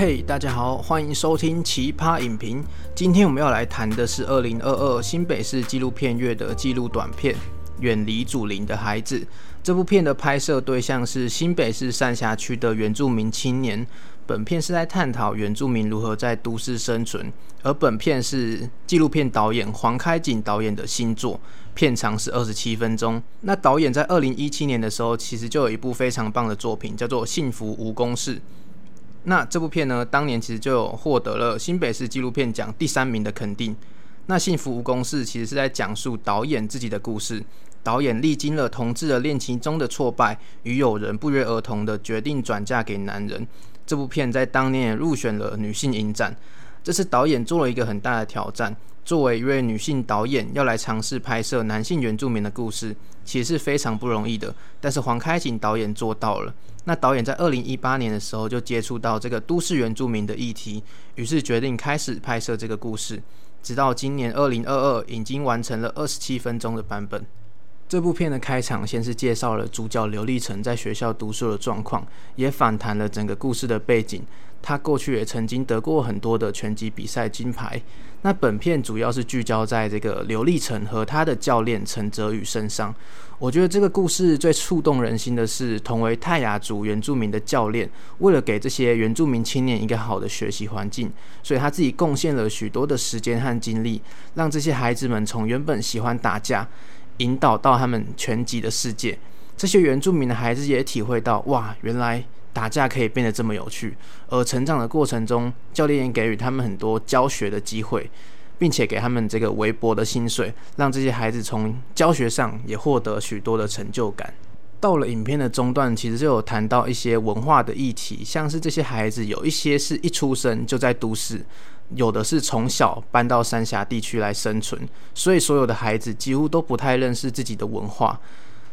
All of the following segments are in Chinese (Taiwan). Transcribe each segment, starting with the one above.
嘿、hey，大家好，歡迎收聽奇葩影評。今天我們要來談的是二零二二新北市紀錄片月的紀錄短片《遠離祖靈的孩子》。這部片的拍攝對象是新北市三峽區的原住民青年。本片是在探討原住民如何在都市生存，而本片是紀錄片導演黃開璟導演的新作，片長是二十七分鐘。那導演在二零一七年的時候，其實就有一部非常棒的作品，叫做《幸福無公式》。那這部片呢，當年其實就有獲得了新北市紀錄片獎第三名的肯定。那《幸福無公式》其實是在講述導演自己的故事。導演歷經了同志的戀情中的挫敗，與友人不約而同的決定轉嫁給男人。這部片在當年也入選了女性影展，這是導演做了一個很大的挑戰。作為一位女性導演，要來嘗試拍攝男性原住民的故事，其實是非常不容易的。但是黃開璟導演做到了。那導演在二零一八年的時候就接觸到這個都市原住民的議題，於是決定開始拍攝這個故事。直到今年二零二二，已經完成了二十七分鐘的版本。這部片的開場先是介紹了主角劉立成在學校讀書的狀況，也反彈了整個故事的背景。他過去也曾經得過很多的拳擊比賽金牌。那本片主要是聚焦在這個劉立成和他的教練陳哲宇身上。我覺得這個故事最觸動人心的是，同為泰雅族原住民的教練，為了給這些原住民青年一個好的學習環境，所以他自己貢獻了許多的時間和精力，讓這些孩子們從原本喜歡打架，引導到他們拳擊的世界，這些原住民的孩子也體會到，哇，原來打架可以變得這麼有趣。而成長的過程中，教練也給予他們很多教學的機會，並且給他們這個微薄的薪水，讓這些孩子從教學上也獲得許多的成就感。到了影片的中段，其實就有談到一些文化的議題，像是這些孩子有一些是一出生就在都市。有的是從小搬到三峽地區來生存，所以所有的孩子幾乎都不太認識自己的文化，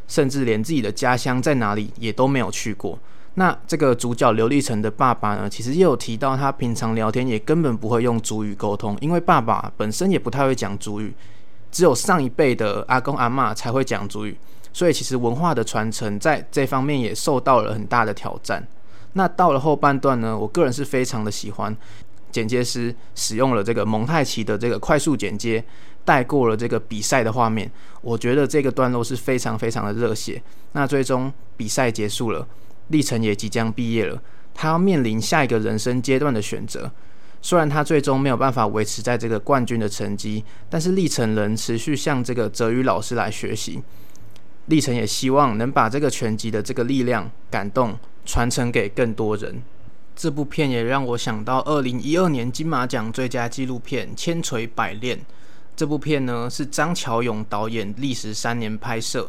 甚至連自己的家鄉在哪裡也都沒有去過。那這個主角劉立成的爸爸呢，其實也有提到，他平常聊天也根本不會用族語溝通，因為爸爸本身也不太會講族語，只有上一輩的阿公阿嬤才會講族語，所以其實文化的傳承在這方面也受到了很大的挑戰。那到了後半段呢，我個人是非常的喜歡。剪接師使用了這個蒙太奇的這個快速剪接，帶過了這個比賽的畫面。我覺得這個段落是非常非常的熱血。那最終比賽結束了，歷程也即將畢業了，他要面臨下一個人生階段的選擇。雖然他最終沒有辦法維持在這個冠軍的成績，但是歷程仍持續向這個哲宇老師來學習。歷程也希望能把這個拳擊的這個力量、感動傳承給更多人。這部片也讓我想到二零一二年金馬獎最佳紀錄片《千錘百煉》。這部片呢，是張喬勇導演歷時三年拍攝。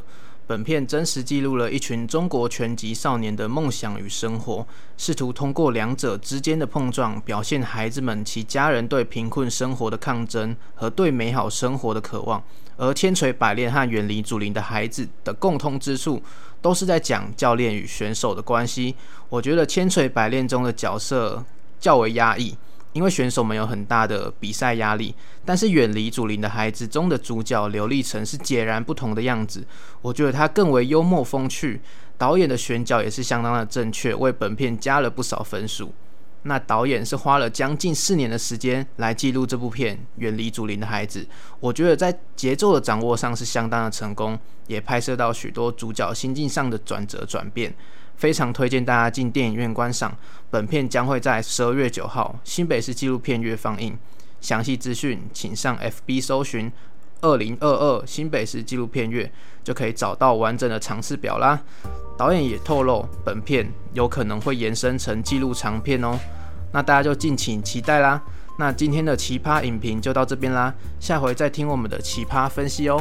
本片真實記錄了一群中國拳擊少年的夢想與生活，試圖通過兩者之間的碰撞，表現孩子們及家人對貧困生活的抗爭和對美好生活的渴望。而《千錘百煉》和《遠離祖靈的孩子》的共通之處，都是在講教練與選手的關係。我覺得《千錘百煉》中的角色較為壓抑。因為選手們有很大的比賽壓力，但是遠離祖靈的孩子中的主角劉立成是截然不同的樣子。我覺得他更為幽默風趣，導演的選角也是相當的正確，為本片加了不少分數。那導演是花了將近四年的時間來記錄這部片《遠離祖靈的孩子》，我覺得在節奏的掌握上是相當的成功，也拍攝到許多主角心境上的轉折轉變。非常推薦大家進電影院觀賞本片，將會在十二月九號新北市紀錄片月放映。詳細資訊請上 FB 搜尋“二零二二新北市紀錄片月”，就可以找到完整的場次表啦。導演也透露，本片有可能會延伸成紀錄長片哦。那大家就敬請期待啦。那今天的奇葩影評就到這邊啦，下回再聽我們的奇葩分析哦。